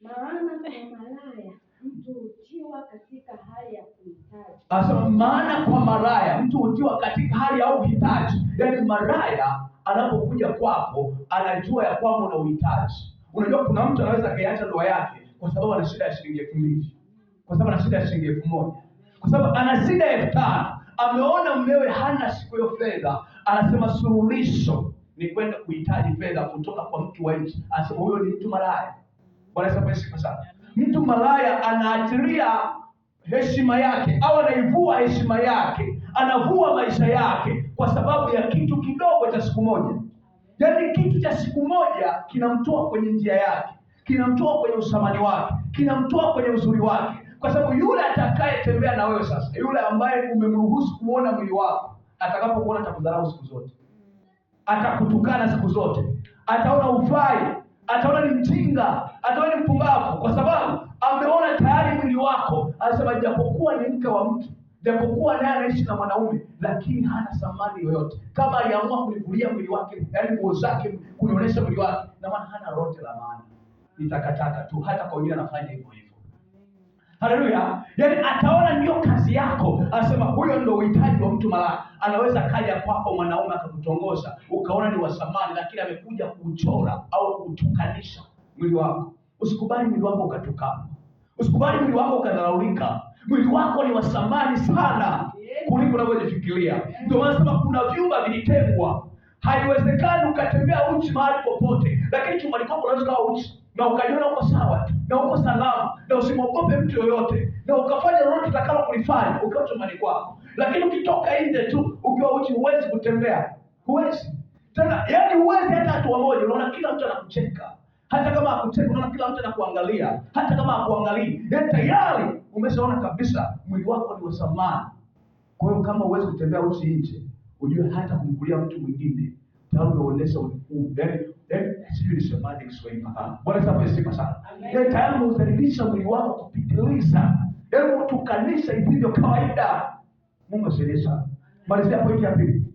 Maana kwa malaya mtu hutiwa katika hali ya kuhitaji. Asema maana kwa malaya mtu hutiwa katika hali ya uhitaji. Yaani malaya anapokuja kwako anajua ya kwamba una uhitaji. Unajua kuna mtu anaweza akaiacha ndoa yake kwa sababu ana shida ya shilingi elfu mbili, kwa sababu ana shida ya shilingi elfu moja, kwa sababu ana shida ya elfu tano. Ameona mmewe hana siku hiyo fedha, anasema suluhisho ni kwenda kuhitaji fedha kutoka kwa mtu wa nchi. Anasema huyo ni mtu malaya. Bwana Yesu asifiwe sana. Mtu malaya anaachiria heshima yake au anaivua heshima yake, anavua maisha yake kwa sababu ya kitu kidogo cha siku moja. Yaani kitu cha siku moja kinamtoa kwenye njia yake, kinamtoa kwenye usamani wake, kinamtoa kwenye uzuri wake, kwa sababu yule atakayetembea na wewe sasa, yule ambaye umemruhusu kuona mwili wako, atakapokuona atakudharau siku zote, atakutukana siku zote, ataona ufai ataona ni mjinga, ataona ni mpumbavu, kwa sababu ameona tayari mwili wako. Anasema japokuwa ni mke wa mtu, japokuwa naye anaishi na mwanaume, lakini hana thamani yoyote. Kama aliamua kulivulia mwili wake, yaani nguo zake, kulionyesha mwili wake, na maana hana lolote la maana, nitakataka tu. Hata kwa wengine anafanya hivyo hivyo Haleluya! Yaani ataona ndio kazi yako, anasema huyo ndio uhitaji wa mtu Mara Anaweza kaja kwako mwanaume akakutongoza ukaona ni wasamani, lakini amekuja kuuchora au kutukanisha mwili wako. Usikubali mwili wako ukatukana, usikubali mwili wako ukadharaulika. Mwili wako ni wasamani sana kuliko unavyojifikiria. Ndio maana kuna vyumba vilitengwa Haiwezekani ukatembea uchi mahali popote, lakini chumbani kwako unaweza kuwa uchi na ukajiona uko sawa na uko salama na usimwogope mtu yoyote na ukafanya lolote utakalo kulifanya ukiwa chumbani kwako, lakini ukitoka nje tu ukiwa uchi huwezi kutembea, huwezi tena, yani huwezi hata hatua moja. Unaona kila mtu anakucheka, hata kama hakucheka, unaona kila mtu anakuangalia, hata kama akuangalii, yani tayari umeshaona kabisa mwili wako ni wa samani. Kwa hiyo kama huwezi kutembea uchi nje ujue hata kumkulia mtu mwingine tayari umeonyesha ukuu. Sijui nisemaje Kiswahili hapa. Bwana sasa amesifa sana. tayari umeudhalilisha mwili wako kupitiliza. Hebu tukanisha ilivyo kawaida. Mungu asiye sana. Malizia pointi ya pili.